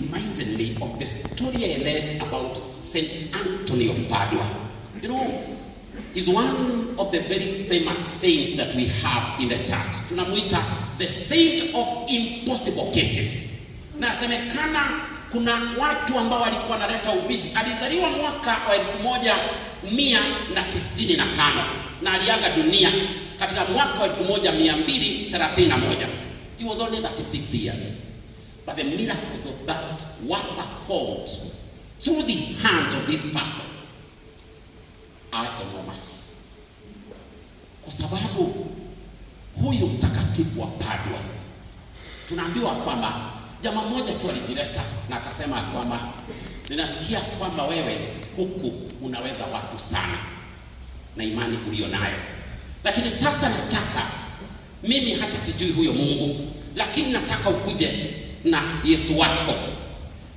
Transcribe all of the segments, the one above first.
reminded me of the story I read about Saint Anthony of Padua. You know, he's one of the very famous saints that we have in the church. Tunamwita the saint of impossible cases. Nasemekana kuna watu ambao walikuwa wanaleta ubishi. Alizaliwa mwaka wa elfu moja mia na tisini na tano na aliaga dunia katika mwaka wa elfu moja mia mbili thelathini na moja. He was only 36 years but the miracles of that were performed through the hands of this person are enormous, kwa sababu huyu mtakatifu wa Padua tunaambiwa kwamba jamaa mmoja tu alijileta na akasema kwamba ninasikia kwamba wewe huku unaweza watu sana na imani ulio nayo, lakini sasa nataka mimi, hata sijui huyo Mungu, lakini nataka ukuje na Yesu wako,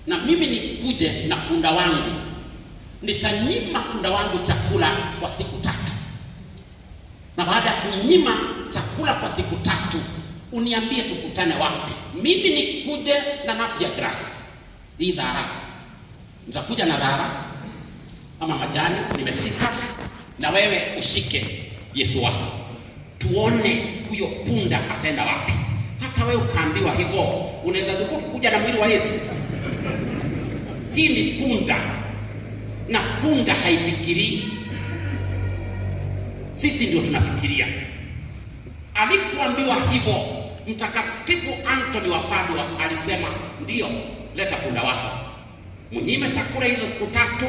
na mimi nikuje na punda wangu, nitanyima punda wangu chakula kwa siku tatu, na baada ya kunyima chakula kwa siku tatu uniambie tukutane wapi. Mimi nikuje na napia grass hii dhara, nitakuja na dhara ama majani nimeshika, na wewe ushike Yesu wako, tuone huyo punda ataenda wapi hata wewe ukaambiwa hivyo, unaweza dhubutu kuja na mwili wa Yesu? Hii ni punda, na punda haifikirii. Sisi ndio tunafikiria. Alipoambiwa hivyo, Mtakatifu Antoni wa Padua alisema ndiyo, leta punda wako, mnyime chakula hizo siku tatu,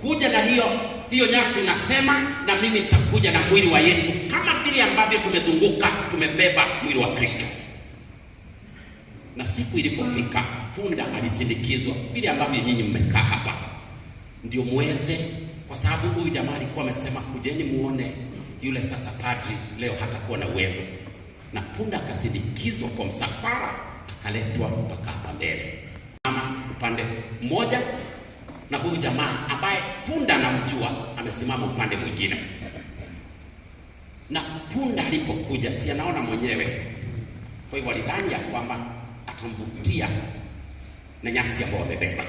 kuja na hiyo hiyo nyasi unasema, na mimi nitakuja na mwili wa Yesu, kama vile ambavyo tumezunguka tumebeba mwili wa Kristo na siku ilipofika, punda alisindikizwa vile ambavyo nyinyi mmekaa hapa, ndio muweze, kwa sababu huyu jamaa alikuwa amesema kujeni muone yule sasa padri leo hatakuwa na uwezo, na punda akasindikizwa kwa msafara, akaletwa mpaka hapa mbele, mama upande mmoja na huyu jamaa ambaye punda anamjua amesimama upande mwingine. Na punda alipokuja, si anaona mwenyewe, kwa hivyo alidhani ya kwamba akamvutia na nyasi ambayo amebeba.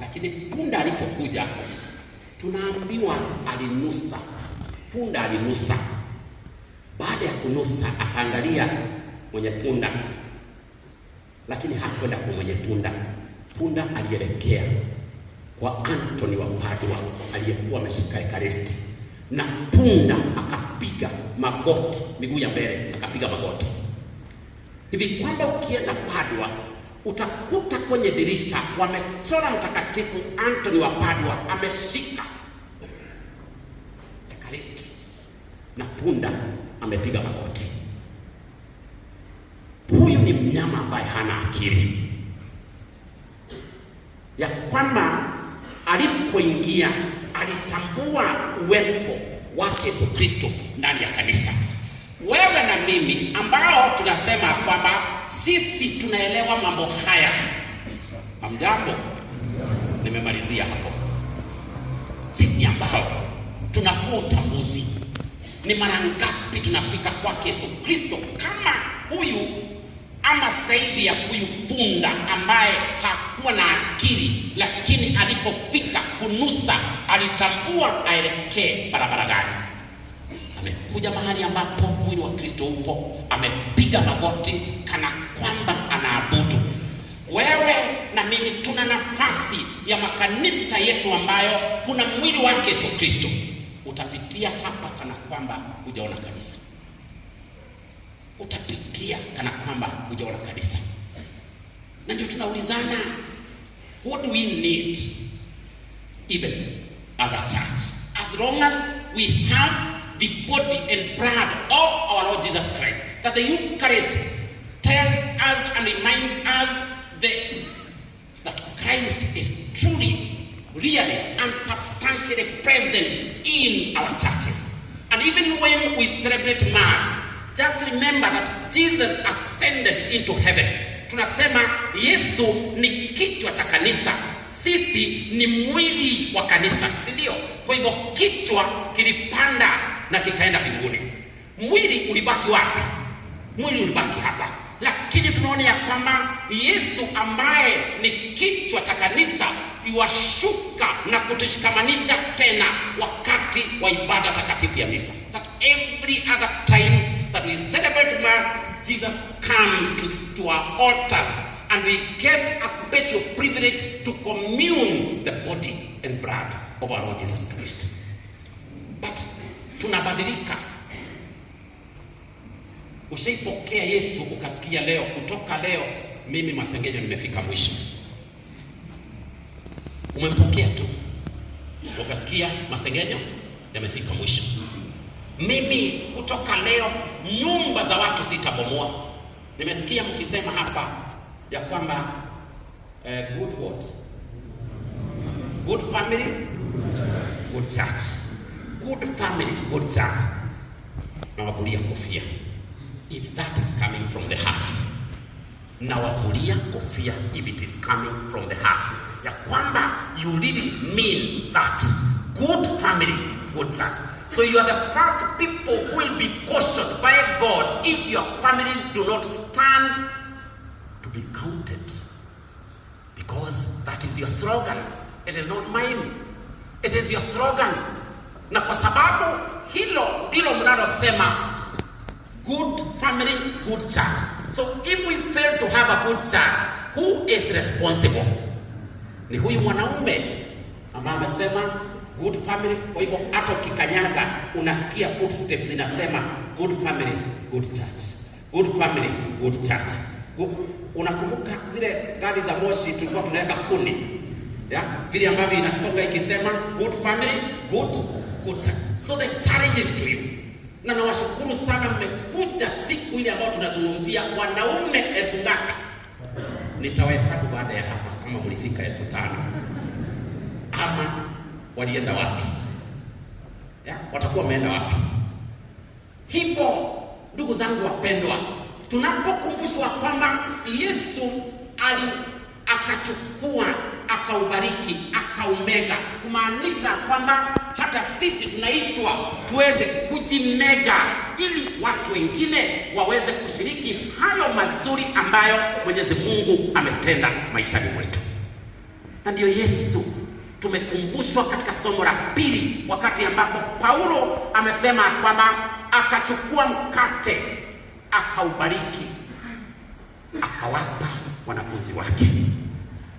Lakini punda alipokuja, tunaambiwa alinusa. Punda alinusa, baada ya kunusa akaangalia mwenye punda, lakini hakwenda kwa mwenye punda. Punda alielekea kwa Antoni wa Padua aliyekuwa ameshika Ekaristi, na punda akapiga magoti, miguu ya mbele akapiga magoti hivi kwamba ukienda Padua utakuta kwenye dirisha wamechora Mtakatifu Antoni wa Padua ameshika ekaristi na punda amepiga magoti. Huyu ni mnyama ambaye hana akili ya kwamba alipoingia alitambua uwepo wake Yesu Kristo ndani ya kanisa wewe na mimi ambao tunasema kwamba sisi tunaelewa mambo haya. amjambo nimemalizia hapo. Sisi ambao tunakuwa utambuzi ni mara ngapi tunafika kwake Yesu Kristo kama huyu ama zaidi ya huyu punda ambaye hakuwa na akili, lakini alipofika kunusa alitambua aelekee barabara gani amekuja mahali ambapo mwili wa Kristo upo, amepiga magoti kana kwamba anaabudu. Wewe na mimi tuna nafasi ya makanisa yetu ambayo kuna mwili wake Yesu Kristo. Utapitia hapa kana kwamba hujaona kanisa, utapitia kana kwamba hujaona kanisa. Na ndio tunaulizana, what do we need even as a church as long as we have the body and blood of our Lord Jesus Christ. That the Eucharist tells us and reminds us the, that Christ is truly, really, and substantially present in our churches. And even when we celebrate Mass, just remember that Jesus ascended into heaven. Tunasema Yesu ni kichwa cha kanisa, sisi ni mwili wa kanisa, si Kwa hivyo kichwa kilipanda na kikaenda mbinguni. Mwili ulibaki wapi? Mwili ulibaki hapa, lakini tunaona ya kwamba Yesu ambaye ni kichwa cha kanisa iwashuka na kutushikamanisha tena wakati wa ibada takatifu ya misa, that every other time that we celebrate mass Jesus comes to, to our altars and we get a special privilege to commune the body and blood of our Lord Jesus Christ tunabadilika. Ushaipokea Yesu ukasikia leo, kutoka leo mimi Masengenyo nimefika mwisho. Umempokea tu ukasikia Masengenyo yamefika mwisho. Mimi kutoka leo nyumba za watu sitabomoa. Nimesikia mkisema hapa ya kwamba eh, good what? Good family, good church good family, good church, nawavulia kofia if that is coming from the heart, nawavulia kofia if it is coming from the heart, ya kwamba you really mean that good family, good church. So you are the first people who will be cautioned by God if your families do not stand to be counted. Because that is your slogan. It is not mine. It is your slogan na kwa sababu hilo ndilo mnalosema good family, good church. So if we fail to have a good church, who is responsible? Ni huyu mwanaume ambaye amesema good family. Kwa hivyo hata ukikanyaga unasikia footsteps zinasema good family, good church, good family, good church. Unakumbuka zile gari za moshi tulikuwa tunaweka kuni, yeah, vile ambavyo inasonga ikisema good family, good kukucha. So the challenge is to you. Na nawashukuru sana mmekuja siku ile ambayo tunazungumzia wanaume elfu ngapi. Nitawahesabu baada ya hapa kama mlifika elfu tano ama walienda wapi, ya, watakuwa wameenda wapi. Hivyo ndugu zangu wapendwa, tunapokumbushwa kwamba Yesu ali akachukua akaubariki akaumega, kumaanisha kwamba hata sisi tunaitwa tuweze kujimega ili watu wengine waweze kushiriki hayo mazuri ambayo Mwenyezi Mungu ametenda maishani mwetu. Na ndiyo Yesu tumekumbushwa katika somo la pili, wakati ambapo Paulo amesema kwamba akachukua mkate akaubariki akawapa wanafunzi wake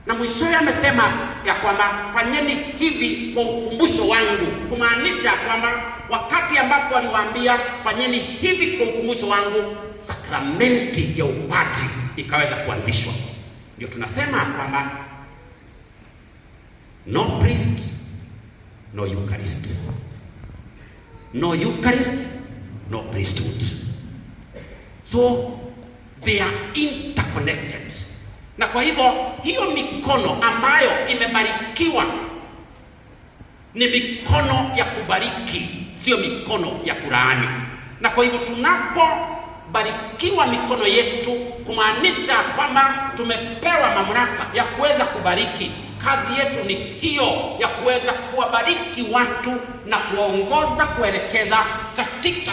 na mwishowe amesema ya kwamba fanyeni hivi kwa ukumbusho wangu, kumaanisha kwamba wakati ambapo aliwaambia fanyeni hivi kwa ukumbusho wangu, sakramenti ya upadri ikaweza kuanzishwa. Ndio tunasema kwamba no priest no Eucharist, no Eucharist no priesthood, so they are interconnected. Na kwa hivyo hiyo mikono ambayo imebarikiwa ni mikono ya kubariki, sio mikono ya kulaani. Na kwa hivyo tunapobarikiwa mikono yetu, kumaanisha kwamba tumepewa mamlaka ya kuweza kubariki. Kazi yetu ni hiyo ya kuweza kuwabariki watu na kuwaongoza kuelekeza katika